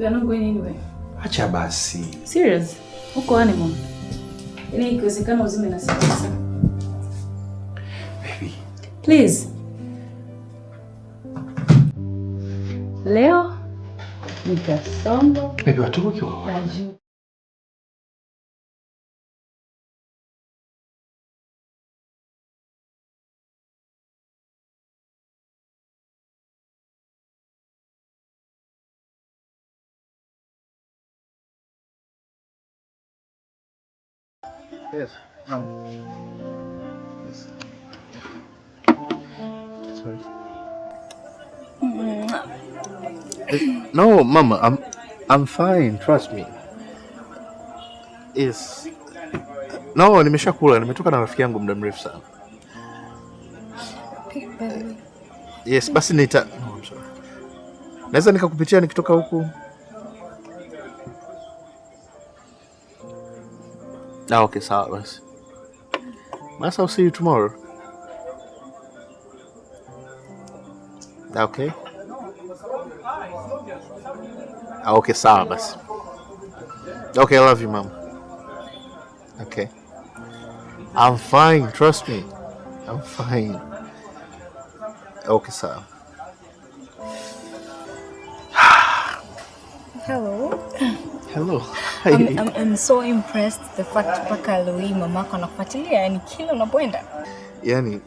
We are not going anywhere. Acha basi. Serious? Uko wani honeymoon? Yaani ikiwezekana uzime na sasa. Baby. Please. Leo nitasomba. Baby, kiwa watu wako. Yes. Um, yes. Sorry. no, Mama, I'm I'm fine, trust me. Yes. No, nimeshakula, nimetoka na rafiki yangu muda mrefu sana. Yes, basi nita no, naweza nikakupitia nikitoka huku. Oh, okay, saw it was. Might as well see you tomorrow. Okay. Ah, okay, Sabas. Okay, I love you, Mom. Okay. I'm fine, trust me. I'm fine. Okay, Sab. Hello. Hello. I'm, I'm, I'm so impressed the fact mpaka leo hii mamako anakufuatilia, yani kila unapoenda. Yani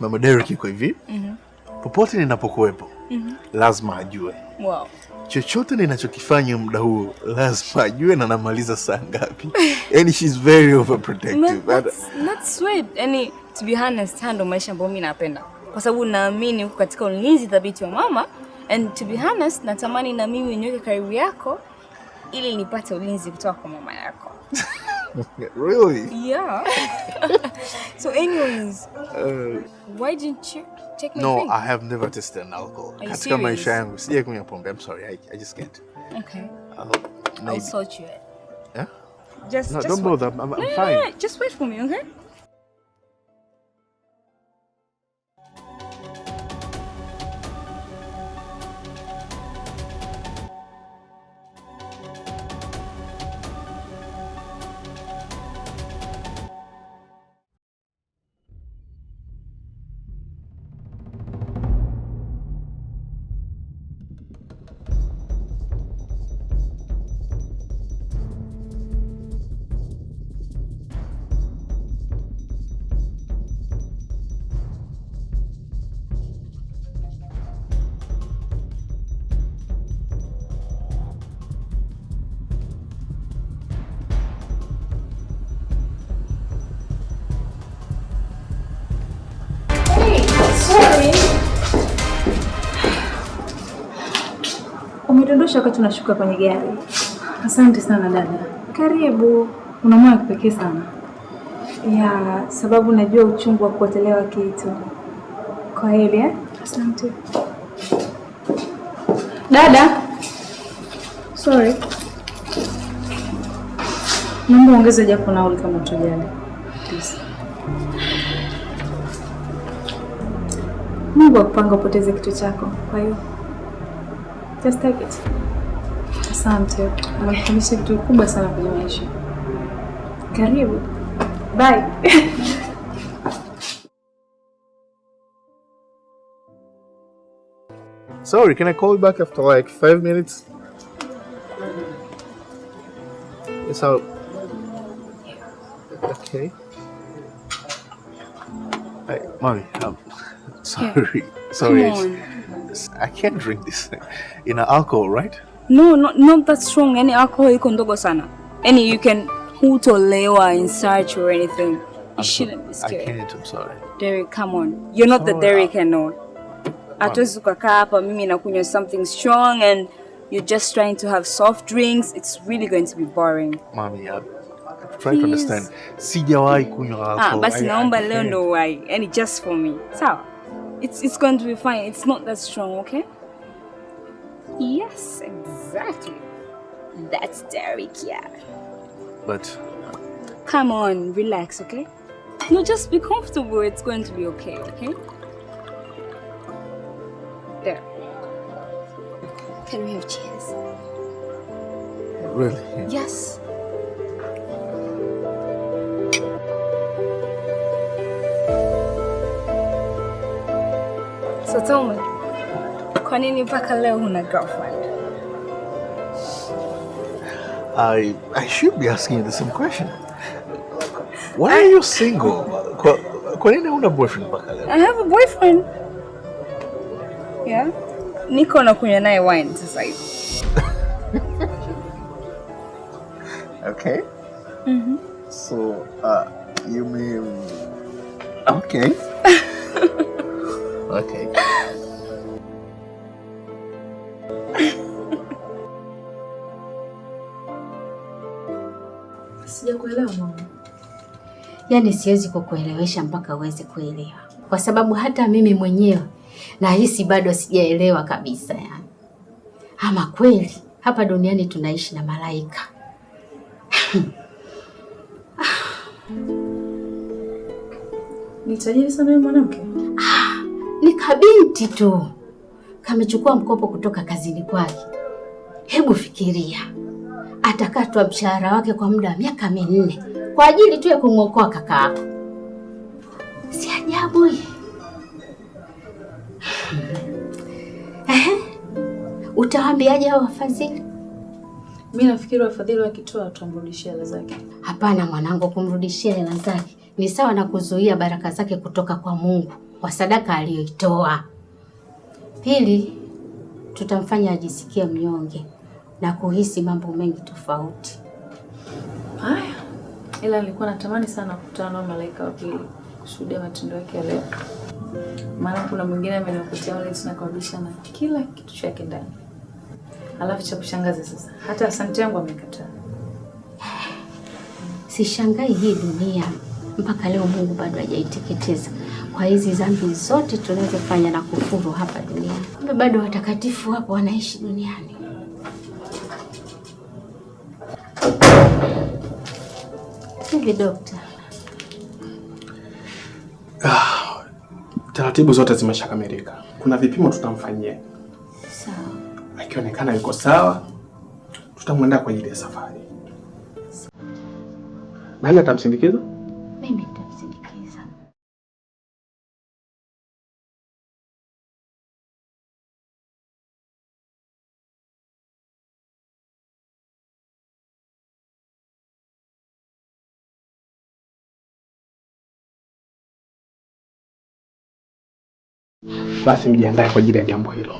mama Derek yuko hivi mm -hmm. Popote ninapokuwepo mm -hmm. lazima ajue wow. Chochote ninachokifanya muda huu lazima ajue na namaliza saa ngapi. Yani she's very overprotective. That's, sweet. Yani to be honest, hando maisha ambayo mimi napenda kwa sababu naamini huko katika ulinzi thabiti wa mama and to be honest, natamani na mimi niweke karibu yako ili nipate ulinzi kutoka kwa mama yako. Really? Yeah. So anyways, uh, why didn't you take me? No, drink? I have never tasted an alcohol. Katika maisha yangu sija kunywa pombe. I'm sorry. I, I just can't. Okay. I'll, I'll sort you it. Yeah? Just, no, just don't bother. I'm, I'm no, fine. No, No, no, just wait for me, okay? Nitudondosha wakati unashuka kwenye gari. Asante sana dada. Karibu. Una moyo wa kipekee sana ya sababu najua uchungu wa kuotelewa kitu. Kwa hili eh? Asante dada. Sorry, naomba ongeza japo nauli kama utojali. Mungu akupanga upoteze kitu chako, kwa hiyo Just take it. Asante, umenifundisha kitu kubwa sana kwenye maisha. Karibu. Bye. Sorry, can I call you back after like five minutes? It's out. Okay. Hey, mommy, I'm um, sorry. Yeah. Sorry. I can't drink this ina alcohol right? No, not, not that strong. Any alcohol iko ndogo sana. Any you can hutolewa in search or anything. You I'm shouldn't be scared. I can't, I'm sorry. Derek, come on. You're not sorry. the Derek I know. Hatuwezi kukaa hapa mimi nakunywa something strong and you're just trying to have soft drinks. It's really going to be boring. Mommy, I'm trying to understand. Sijawahi kunywa ah, alcohol. Ah, basi naomba leo ndo uwahi. Yani just for me. Sawa? It's, it's going to be fine. It's not that strong, okay? Yes, exactly. That's Derek, yeah. But... Come on, relax, okay? No, just be comfortable. It's going to be okay, okay? There. Can we have cheers? Really? Yes. Mtoto ume, kwa nini mpaka leo huna girlfriend? I I should be asking you the same question. Why are you single? Kwa, kwa nini huna boyfriend mpaka leo? I have a boyfriend. Yeah. Niko nakunywa naye wine sasa hivi. Sijakuelewa mama. Yaani siwezi kukuelewesha mpaka uweze kuelewa, kwa sababu hata mimi mwenyewe nahisi bado sijaelewa kabisa. Yani ama kweli hapa duniani tunaishi na malaika nitajiri sana mwanamke, ah, ni kabinti tu kamechukua mkopo kutoka kazini kwake. Hebu fikiria, atakatwa mshahara wake kwa muda wa miaka minne kwa ajili tu ya kumwokoa kaka yako. Si ajabu eh? Utawaambiaje hao wafadhili? Mi nafikiri wafadhili wakitoa watamrudishia hela zake. Hapana mwanangu, kumrudishia hela zake ni sawa na kuzuia baraka zake kutoka kwa Mungu kwa sadaka aliyoitoa. Pili, tutamfanya ajisikie mnyonge na kuhisi mambo mengi tofauti. Haya, ila nilikuwa natamani sana kukutana na malaika wa pili kushuhudia matendo yake ya leo, maana kuna mwingine amenipatia wale na kila kitu chake ndani. Alafu cha kushangaza sasa, hata asante yangu amekataa. Sishangai hii dunia mpaka leo Mungu bado hajaiteketeza kwa hizi dhambi zote tunazofanya na kufuru hapa duniani. Kumbe bado watakatifu wapo wanaishi duniani. Hivi dokta, ah, taratibu zote zimeshakamilika. Kuna vipimo tutamfanyia, sawa. Akionekana yuko sawa, tutamwenda kwa ajili ya safari. Nani atamsindikiza? mimi nitamsindikiza. Basi mjiandae kwa ajili ya jambo hilo.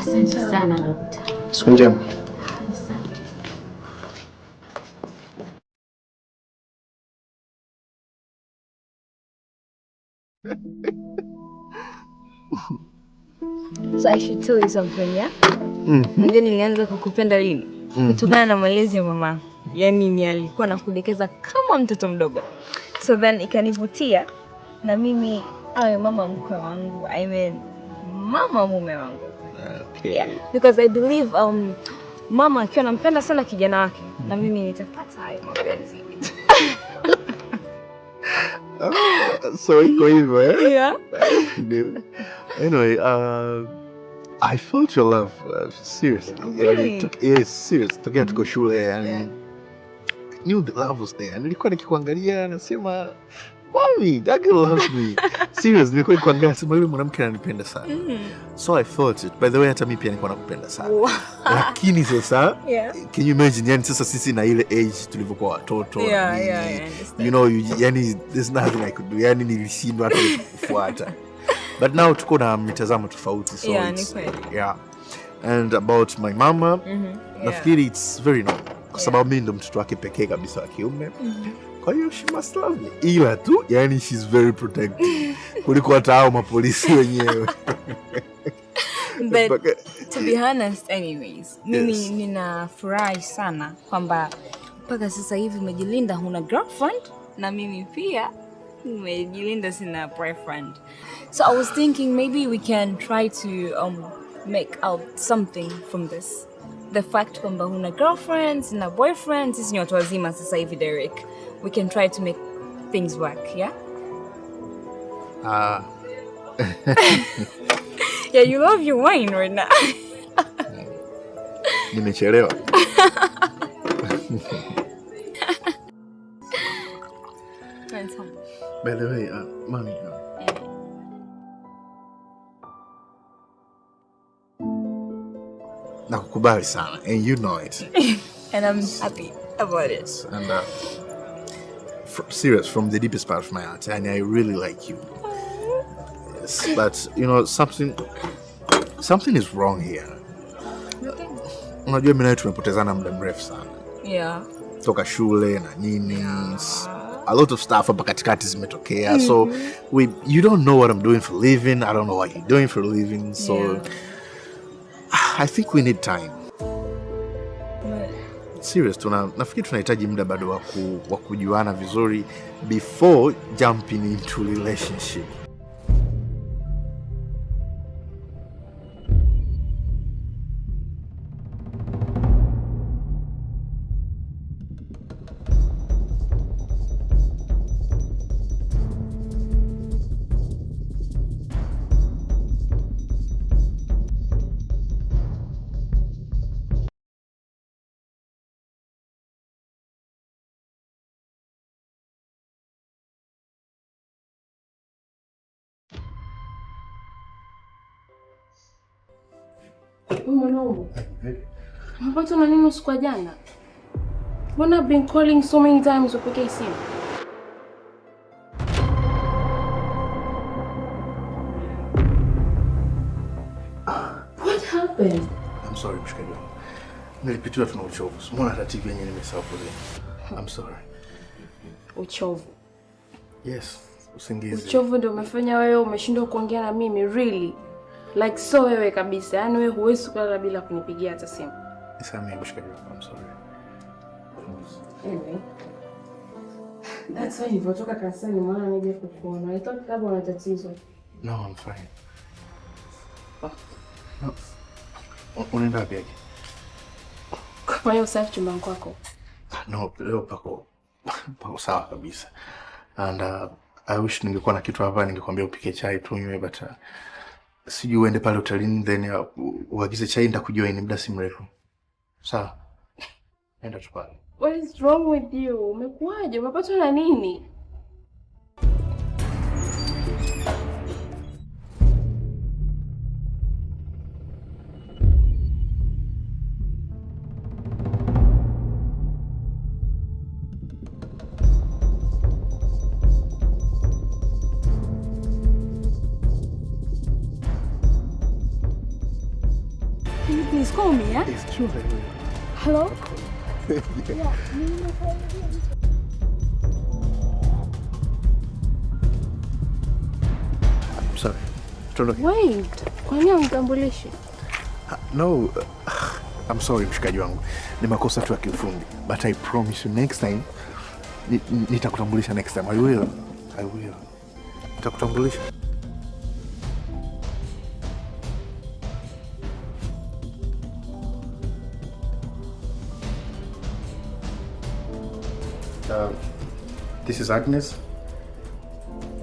Asante sana dokta. Siku njema. So I should tell you something, yeah? Mm. Unajua nilianza kukupenda lini? Mm. Kutokana na malezi ya mama. Yaani ni alikuwa nakudekeza kama mtoto mdogo. So then ikanivutia na mimi awe mama mkwe wangu. I mean mama mume wangu. Okay. Yeah, because I believe um, mama akiwa nampenda sana kijana wake mm. na mimi nitapata hayo mapenzi. Oh, so iko Yeah. anyway, uh, I felt your love uh, seriously. Really? Yani, yes, serious. to go mm-hmm. shule yani. Yeah. Knew the love was there. Nilikuwa nikikuangalia nasema Why? That girl loves me. Seriously, nilikuwa nikuangalia sema yule mwanamke ananipenda sana. Mm. So I thought it. By the way, hata mimi pia nilikuwa nakupenda sana. Wow. Lakini sasa, yeah. Can you imagine? Yani sasa sisi na ile age tulivyokuwa watoto. Yeah, nini, yeah, yeah, you know, you, yani there's nothing I could do. Yani nilishindwa hata kufuata. But now tuko na mitazamo tofauti so yeah, it's, yeah. And about my mama, mm -hmm. yeah. Nafikiri it's very normal kwa sababu mimi ndo mtoto wake pekee kabisa wa kiume. Mm -hmm. Kwa hiyo she must love me, ila tu yani she's very protective kuliko hata hao mapolisi wenyewe. But to be honest anyways, mimi yes, ninafurahi sana kwamba mpaka sasa hivi umejilinda, huna girlfriend na mimi pia nimejilinda, sina boyfriend. So I was thinking maybe we can try to um, make out something from this. The fact kwamba huna girlfriends na boyfriends, sisi ni watu wazima sasa hivi Derek we can try to make things work yeah uh. yeah you love your wine right now nimechelewa by the way uh, mami uh, nakukubali sana and you know it and I'm happy about it and, uh, serious from the deepest part of my heart, and I really like you. Yes, but you know something, something is wrong here. Unajua mimi nawe tumepotezana muda mrefu sana yeah. toka shule na nini a lot of stuff hapa katikati zimetokea mm. so mm-hmm. we, you don't know what I'm doing for living I don't know what you're doing for living so yeah. I think we need time serious, tuna nafikiri tunahitaji muda bado wa kujuana vizuri before jumping into relationship. Mwanaume, umepatwa na nini usiku wa jana? Mbona been calling so many times upokei simu? What happened? I'm sorry, mshikaji wangu. Nilipitiwa tuna uchovu. Mbona hata TV yenyewe nimesahau kuzima. I'm sorry. Uchovu. Yes, usingizi. Uchovu ndio umefanya wewe umeshindwa kuongea na mimi really? like so wewe kabisa, yaani wewe huwezi kulala bila kunipigia hata simu. I'm sorry. Anyway, that's why kukuona. I thought labda una tatizo. No, I'm fine. Oh. No. Unaenda wapi Kufanya usafi chumbani kwako. No, leo pako pako sawa kabisa. And uh, I wish ningekuwa na kitu hapa ningekwambia upike chai tunywe but uh, sijui uende pale hotelini then uh, uagize chai, nitakujoin muda si mrefu. Sawa, enda tu pale. What is wrong with you? Umekuwaje? Umepatwa na nini? Sure. Hello? I'm sorry. Tuondoke. Wait. Kwa nini unitambulishi? No. I'm sorry mshikaji wangu. Ni makosa tu ya kiufundi. But I promise you next time nitakutambulisha next time. I will. I will. Nitakutambulisha. This is Agnes.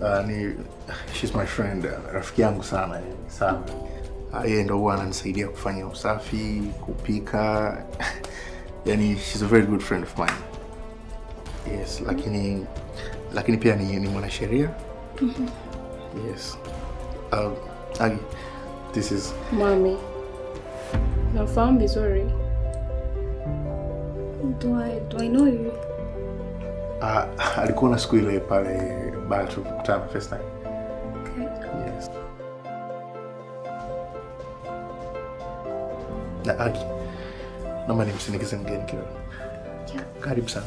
Uh, ni she's my friend, rafiki yangu sana eh, sana. Ah, yeye ndo huwa ananisaidia kufanya usafi, kupika. Yani she's a very good friend of mine. Yes, lakini lakini pia ni, ni mwanasheria. Mm-hmm. Yes. Uh, Agi, this is Mommy. Mami. Nafahamu vizuri. Do I, do I know you? Uh, alikuwa na siku ile pale baa kutana first time. Okay. Yes. Na Aki, naomba nimsindikize mgeni kidogo. Yeah. Karibu sana.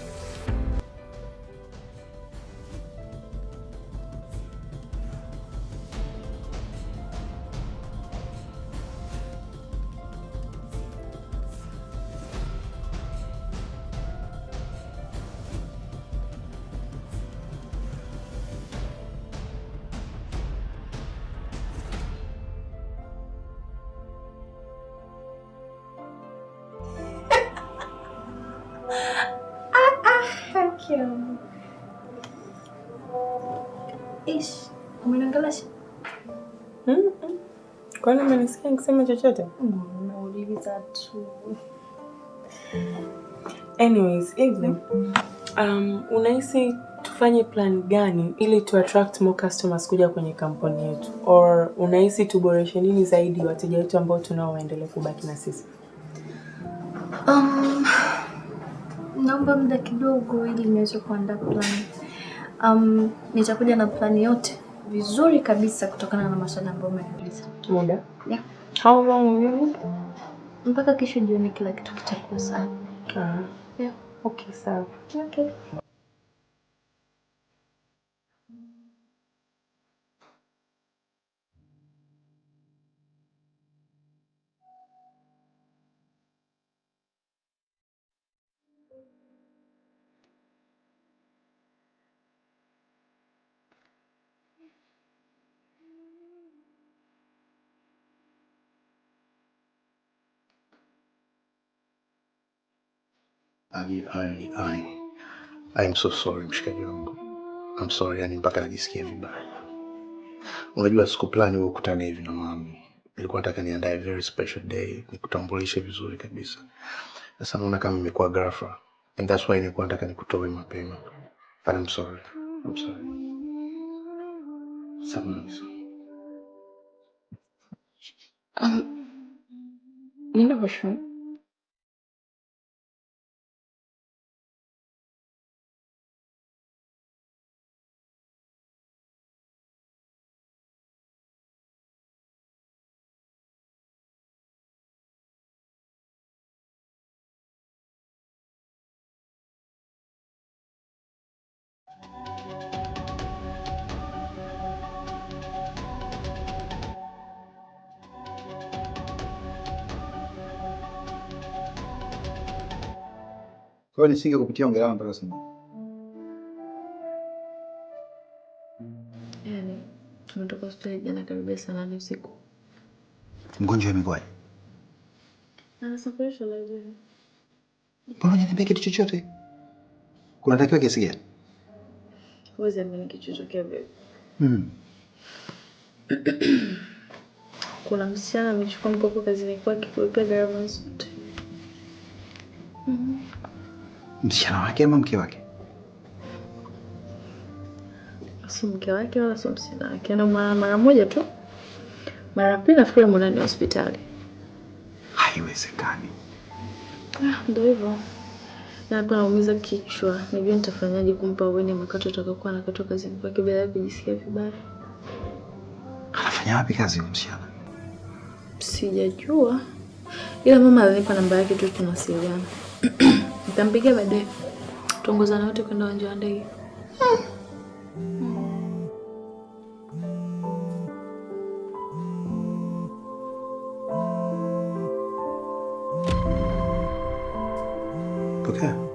Ish, umeniangalia mm -mm. Kwani umenisikia nikisema chochote? Mm, Nauliza tu. Anyways, hivyo mm. um, unahisi tufanye plan gani ili tu attract more customers kuja kwenye kampuni yetu, or unahisi tuboreshe nini zaidi wateja wetu ambao tunao waendelee kubaki na sisi? Um, naomba muda kidogo ili niweze kuandaa plan. Um, nitakuja na plani yote vizuri kabisa kutokana na maswali ambayo umeuliza. Muda? Yeah. How long will you need? Mpaka kesho jioni kila kitu kitakuwa sawa. Okay. Ah. Yeah. Okay, sawa. Okay. I, I, I, I'm so sorry mshikaji wangu. I'm sorry, yani mpaka najisikia vibaya. Unajua siku plani wewe ukutane hivi na mami. Nilikuwa nataka niandae very special day, nikutambulishe vizuri kabisa. Sasa naona kama imekuwa ghafla. And that's why nilikuwa nataka nikutoe mapema. But I'm sorry. I'm sorry. Samahani. Um, nina washua. Kwa hiyo nisinge kupitia ongelewa mpaka sasa. Yaani, tumetoka hospitali jana karibia saa nane usiku. Mgonjwa amekuwaje? Anasafirishwa Liberia. Mbona hujaniambia kitu chochote? Kunatakiwa kiasi gani? Huwezi amini kichotokea babe. Kuna msichana amechukua mkopo kazini kwake kulipia gharama zote. Mm msichana wake ama mke wake? Si mke wake wala si msichana wake, na mara moja tu, mara pili nafikiri mwonani hospitali. Haiwezekani. Ah, ndio hivyo labda naumiza kichwa, najua nitafanyaje kumpa uweni makato utakaokuwa anakatwa kazini kwake bila kujisikia vibaya. Anafanya wapi kazi msichana? Sijajua, ila mama alinipa namba yake tu, tunawasiliana Nitampigia baadaye. Tuongozane wote kwenda uwanja wa ndege. Pokea.